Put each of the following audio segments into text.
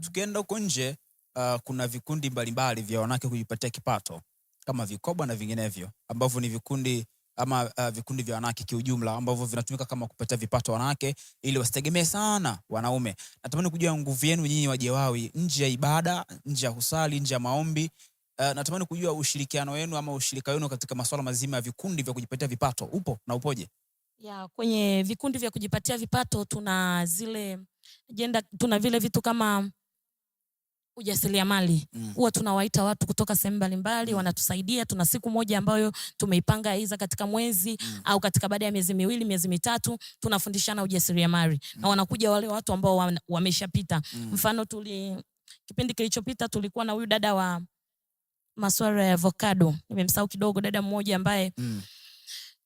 tukienda huko nje uh, kuna vikundi mbalimbali vya wanawake kujipatia kipato kama vikoba na vinginevyo ambavyo ni vikundi ama uh, vikundi vya wanawake kiujumla ambavyo vinatumika kama kupatia vipato wanawake ili wasitegemee sana wanaume. Natamani kujua nguvu yenu nyinyi Wajewawi nje ya ibada, nje ya kusali, nje ya maombi. Uh, natamani kujua ushirikiano wenu ama ushirika wenu katika masuala mazima ya vikundi vya kujipatia vipato upo na upoje? Ya, kwenye vikundi vya kujipatia vipato tuna zile jenda, tuna vile vitu kama ujasiriamali mm. huwa mm. tunawaita watu kutoka sehemu mbalimbali mm. wanatusaidia. Tuna siku moja ambayo tumeipanga iza katika mwezi mm. au katika baada ya miezi miwili miezi mitatu, tunafundishana ujasiriamali mm. na wanakuja wale watu ambao wameshapita mm. mfano tuli kipindi kilichopita tulikuwa na huyu dada wa masuala ya avocado, nimemsahau kidogo, dada mmoja ambaye mm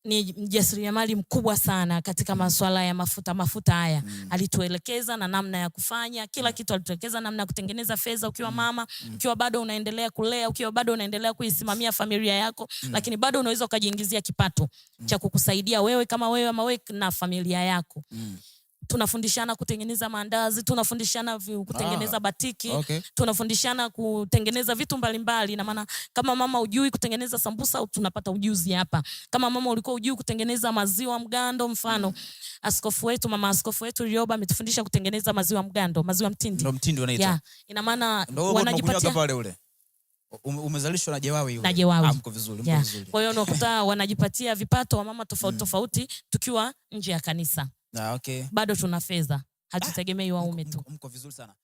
ni mjasiriamali mkubwa sana katika masuala ya mafuta. Mafuta haya mm. alituelekeza na namna ya kufanya kila mm. kitu, alituelekeza namna ya kutengeneza fedha ukiwa mm. mama mm. ukiwa bado unaendelea kulea, ukiwa bado unaendelea kuisimamia familia yako mm. lakini bado unaweza ukajiingizia kipato mm. cha kukusaidia wewe kama wewe ama wewe na familia yako mm tunafundishana kutengeneza mandazi, tunafundishana kutengeneza ah, batiki okay. tunafundishana kutengeneza vitu mbalimbali. Ina maana kama mama ujui kutengeneza sambusa, tunapata ujuzi hapa. Kama mama ulikuwa ujui kutengeneza maziwa mgando, mfano mm. askofu wetu, mama askofu wetu lioba ametufundisha kutengeneza maziwa mgando, maziwa mtindi, ndio mtindi wanaita yeah. Ina maana wanajipatia pale ule umezalishwa na Jewawi yule. Na Jewawi. Amko ah, vizuri, mko vizuri. Kwa hiyo unakuta wanajipatia vipato wa mama tofauti mm. tofauti tukiwa nje ya kanisa ah, okay. bado tuna fedha ah, hatutegemei waume tu. Mko vizuri sana.